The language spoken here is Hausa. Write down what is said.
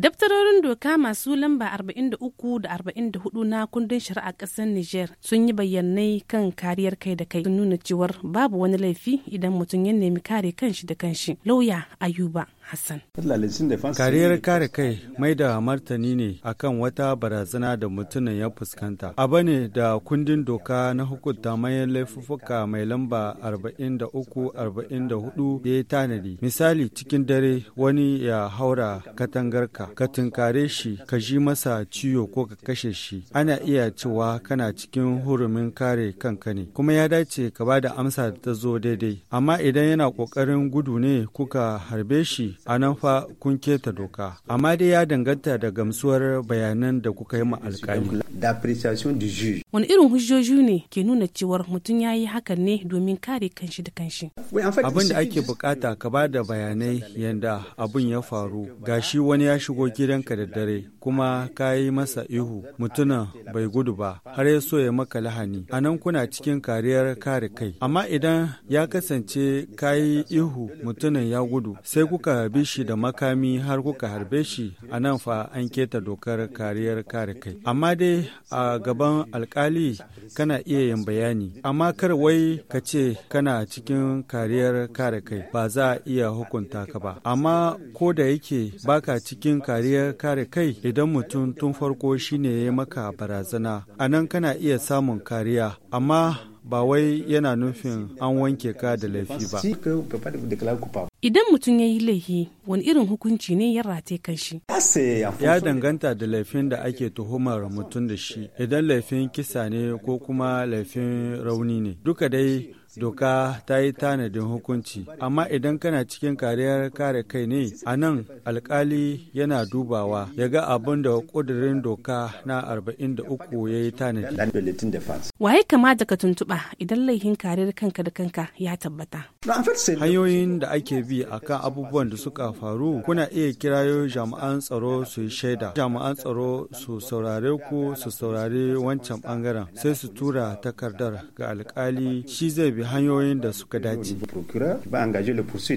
Daftarorin doka masu lamba 43 da 44 na kundin shari'a ƙasar Nijar sun yi bayyanai kan kariyar kai da kai nuna cewar babu wani laifi idan mutum ya nemi kare kanshi da kanshi. Lauya Ayuba Hassan. Kariyar kare kai mai da martani ne akan wata barazana da mutumin ya fuskanta. a bane da kundin doka na hukunta mayan laifuffuka mai lamba 43-44 ya tanadi. Misali cikin dare wani ya haura katangarka, ka tunkare shi, ka ji masa ciwo ko ka kashe shi. Ana iya cewa kana cikin hurumin kare kanka ne, kuma ya dace ka ba da amsa ta zo daidai. Amma idan yana ƙoƙarin gudu ne kuka harbe shi a nan fa kun keta doka amma dai ya danganta da gamsuwar bayanan da kuka yi ma alkali wani irin hujjoji ne ke nuna cewar mutum ya yi hakan ne domin kare kanshi da kanshi abin da ake bukata ka ba da bayanai yadda abin ya faru gashi wani ya shigo gidanka da dare kuma ka yi masa ihu mutumin bai gudu ba har ya so ya maka lahani a nan kuna cikin kariyar kare kai amma idan ya kasance ka yi ihu mutumin ya gudu sai kuka harbe shi da makami har kuka harbe shi a nan fa an keta dokar kariyar kare kai amma dai a gaban alkali kana iya yin bayani amma kar wai ka ce kana cikin kariyar kare kai ba za a iya hukunta ka ba amma ko da yake baka cikin kariyar kare kai idan mutum tun farko shine ya maka barazana a nan kana iya samun kariya amma ba wai yana nufin an wanke ka da laifi ba. Idan mutum ya yi laifi wani irin hukunci ne ya rate kan shi. Ah, ya danganta da laifin da ake tuhumar mutum da shi, idan laifin kisa ne ko kuma laifin rauni ne. Duka dai doka ta yi tanadin hukunci amma idan kana cikin kariyar kare kai ne a nan alkali yana dubawa ya ga abin da kudirin doka na 43 ya yi tanadi waye kamata ka tuntuɓa idan laihin kariyar kanka da kanka ya tabbata hanyoyin da ake bi akan abubuwan da suka faru kuna iya kirayo jami'an tsaro su yi shaida jami'an tsaro su saurare ku su saurare wancan bangaren sai su tura takardar ga alkali shi zai bi hanyoyin da suka dace